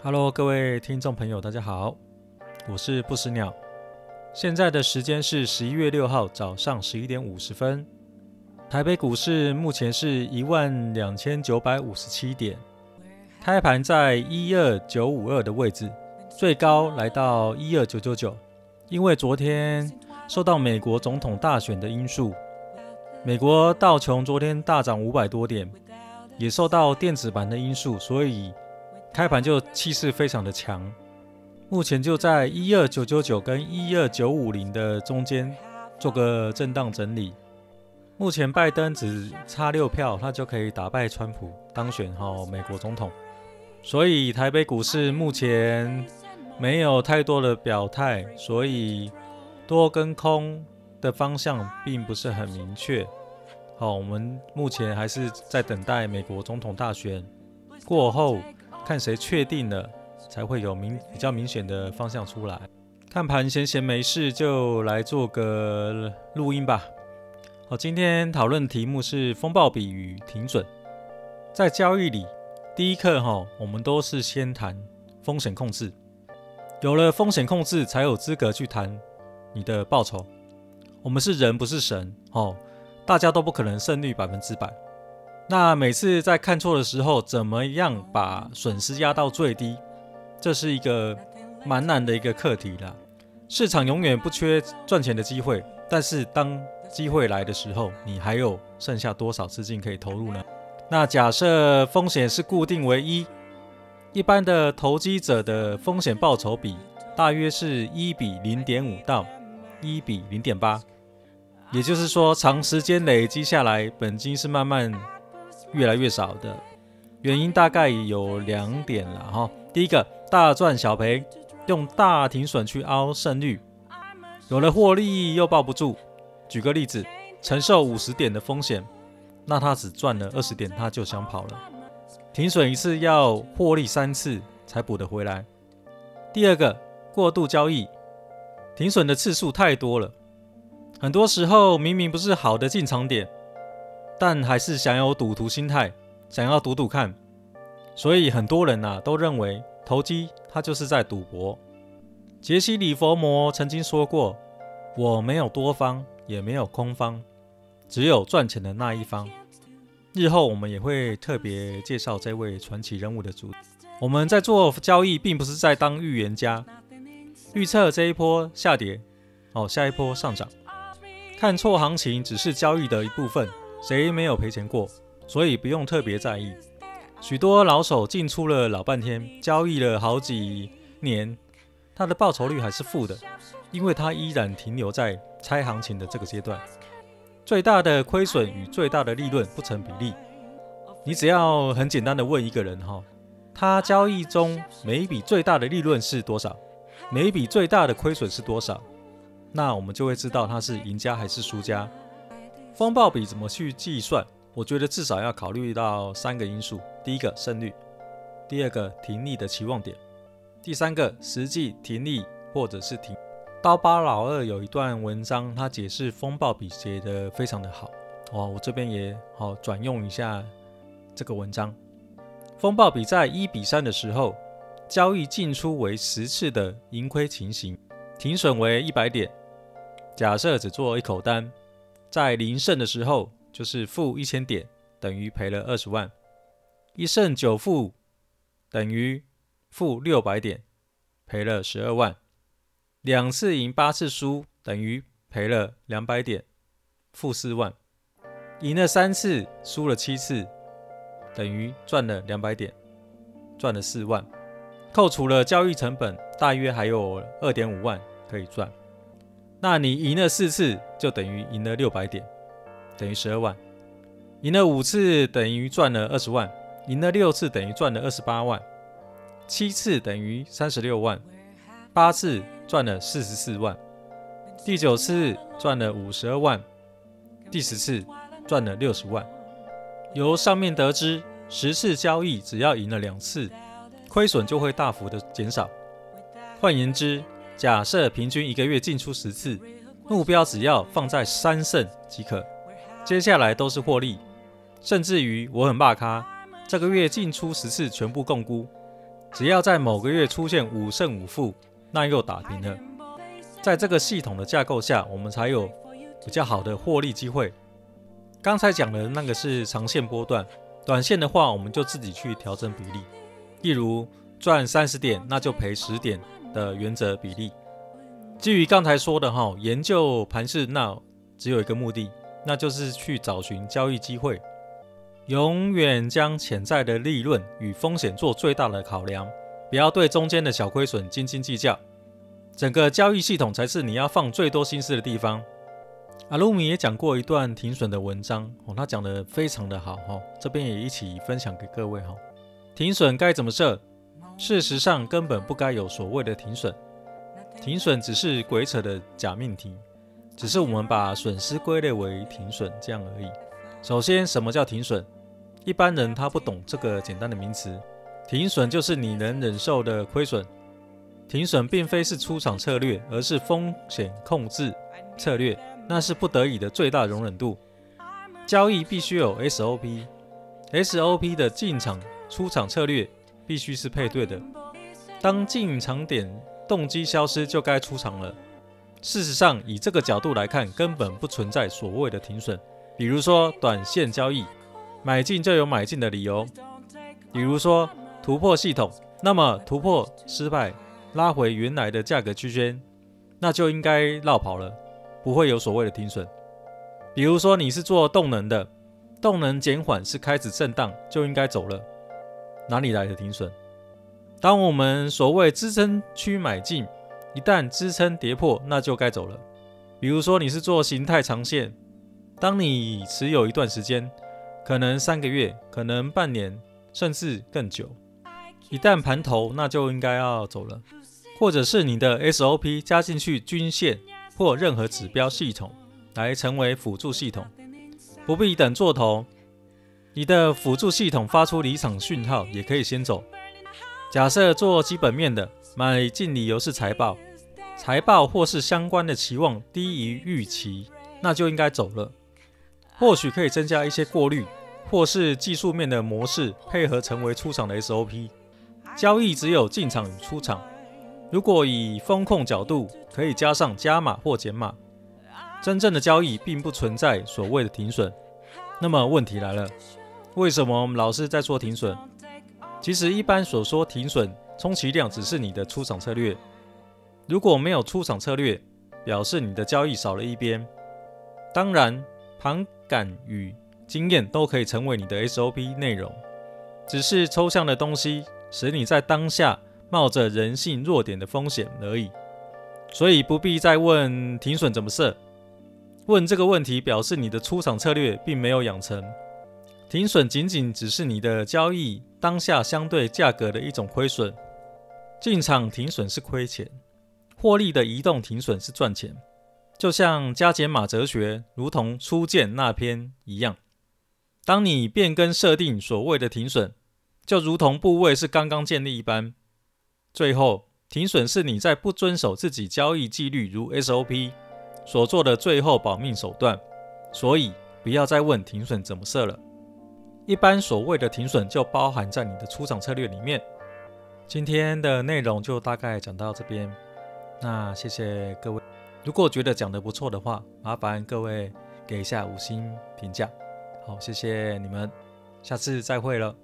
Hello，各位聽眾朋友，大家好，我是不死鳥。現在的時間是十一月六號早上十一點五十分。台北股市目前是一萬兩千九百五十七點，開盤在一二九五二的位置，最高來到一二九九九。因為昨天受到美國總統大選的因素，美國道瓊昨天大漲五百多點，也受到電子盤的因素，所以。開盤就氣勢非常的強，目前就在一二九九九跟一二九五零的中間做個震盪整理。目前拜登只差六票，他就可以打敗川普當選好美國總統。所以台北股市目前沒有太多的表態，所以多跟空的方向並不是很明確。好，我們目前還是在等待美國總統大選過後。看誰確定了，才會有明比較明顯的方向出來。看盤閒閒沒事就來做個錄音吧。好，今天討論題目是風報比與停損。在交易裡，第一課哈、哦，我們都是先談風險控制。有了風險控制，才有資格去談你的報酬。我們是人，不是神，哦，大家都不可能勝率百分之百。那每次在看錯的時候，怎麼樣把損失壓到最低？這是一個蠻難的一個課題了。市場永遠不缺賺錢的機會，但是當機會來的時候，你還有剩下多少資金可以投入呢？那假設風險是固定為一，一般的投機者的風險報酬比大約是一比零點五到一比零點八，也就是說，長時間累積下來，本金是慢慢。越來越少的原因大概有兩點了哈。第一個，大賺小賠，用大停損去凹勝率，有了獲利又抱不住。舉個例子，承受五十點的風險，那他只賺了二十點，他就想跑了。停損一次要獲利三次才補得回來。第二個，過度交易，停損的次數太多了，很多時候明明不是好的進場點。但還是想有賭徒心態，想要賭賭看。所以很多人啊都認為投機它就是在賭博。傑西·里佛摩曾經說過：“我沒有多方，也沒有空方，只有賺錢的那一方。”日後我們也會特別介紹這位傳奇人物的主。我們在做交易，並不是在當預言家，預測這一波下跌，哦，下一波上漲。看錯行情只是交易的一部分。誰沒有賠錢過？所以不用特別在意。許多老手進出了老半天，交易了好幾年，他的報酬率還是負的，因為他依然停留在猜行情的這個階段。最大的虧損與最大的利潤不成比例。你只要很簡單的問一個人哈，他交易中每一筆最大的利潤是多少？每一筆最大的虧損是多少？那我們就會知道他是贏家還是輸家。風報比怎麼去計算？我覺得至少要考慮到三個因素：第一個勝率，第二個停利的期望點，第三個實際停利或者是停。刀疤老二有一段文章，他解釋風報比寫得非常的好。哇、哦，我這邊也好、哦、轉用一下這個文章。風報比在一比三的時候，交易進出為十次的盈虧情形，停損為一百點。假設只做一口單。在零勝的時候，就是負一千點，等於賠了二十萬；一勝九負，等於負六百點，賠了十二萬；兩次贏八次輸，等於賠了兩百點，負四萬；贏了三次，輸了七次，等於賺了兩百點，賺了四萬；扣除了交易成本，大約還有二點五萬可以賺。那你贏了四次，就等於贏了六百點，等於十二萬；贏了五次，等於賺了二十萬；贏了六次，等於賺了二十八萬；七次等於三十六萬；八次賺了四十四萬；第九次賺了五十二萬；第十次賺了六十萬。由上面得知，十次交易只要贏了兩次，虧損就會大幅的減少。換言之，假設平均一個月進出十次，目標只要放在三勝即可，接下來都是獲利。甚至於我很怕他，這個月進出十次全部槓龜，只要在某個月出現五勝五負，那又打平了。在這個系統的架構下，我們才有比較好的獲利機會。剛才講的那個是長線波段，短線的話我們就自己去調整比例，例如賺三十點，那就賠十點。的原則比例。基於剛才說的哈，研究盤勢呢，只有一個目的，那就是去找尋交易機會。永遠將潛在的利潤與風險做最大的考量，不要對中間的小虧損斤斤計較。整個交易系統才是你要放最多心思的地方。阿魯米也講過一段停損的文章哦，他講得非常的好哈，這邊也一起分享給各位哈。停損該怎麼設？事實上，根本不該有所謂的停損，停損只是鬼扯的假命題，只是我們把損失歸類為停損這樣而已。首先，什麼叫停損？一般人他不懂這個簡單的名詞。停損就是你能忍受的虧損。停損並非是出場策略，而是風險控制策略，那是不得已的最大容忍度。交易必須有 SOP，SOP 的進場、出場策略。必須是配對的。當進場點動機消失，就該出場了。事實上，以這個角度來看，根本不存在所謂的停損。比如說，短線交易，買進就有買進的理由。比如說，突破系統，那麼突破失敗，拉回原來的價格區間，那就應該落跑了，不會有所謂的停損。比如說，你是做動能的，動能減緩是開始震盪，就應該走了。哪裡來的停損？當我們所謂支撐區買進，一旦支撐跌破，那就該走了。比如說你是做形態長線，當你持有一段時間，可能三個月，可能半年，甚至更久，一旦盤頭，那就應該要走了。或者是你的 SOP 加進去均線或任何指標系統來成為輔助系統，不必等做頭。你的輔助系統發出離場訊號，也可以先走。假設做基本面的買進理由是財報，財報或是相關的期望低於預期，那就應該走了。或許可以增加一些過濾，或是技術面的模式配合成為出場的 SOP。交易只有進場與出場。如果以風控角度，可以加上加碼或減碼。真正的交易並不存在所謂的停損。那麼問題來了。為什麼我們老是在說停損？其實一般所說停損，充其量只是你的出場策略。如果沒有出場策略，表示你的交易少了一邊。當然，盤感與經驗都可以成為你的 SOP 內容，只是抽象的東西，使你在當下冒着人性弱點的風險而已。所以不必再問停損怎麼設。問這個問題，表示你的出場策略並沒有養成。停損僅僅只是你的交易當下相對價格的一種虧損，進場停損是虧錢，獲利的移動停損是賺錢。就像加減碼哲學，如同初見那篇一樣，當你變更設定所謂的停損，就如同部位是剛剛建立一般。最後，停損是你在不遵守自己交易紀律如 SOP 所做的最後保命手段，所以不要再問停損怎麼設了。一般所謂的停損就包含在你的出場策略裡面。今天的內容就大概講到這邊，那謝謝各位。如果覺得講得不錯的話，麻煩各位給一下五星評價。好，謝謝你們，下次再會了。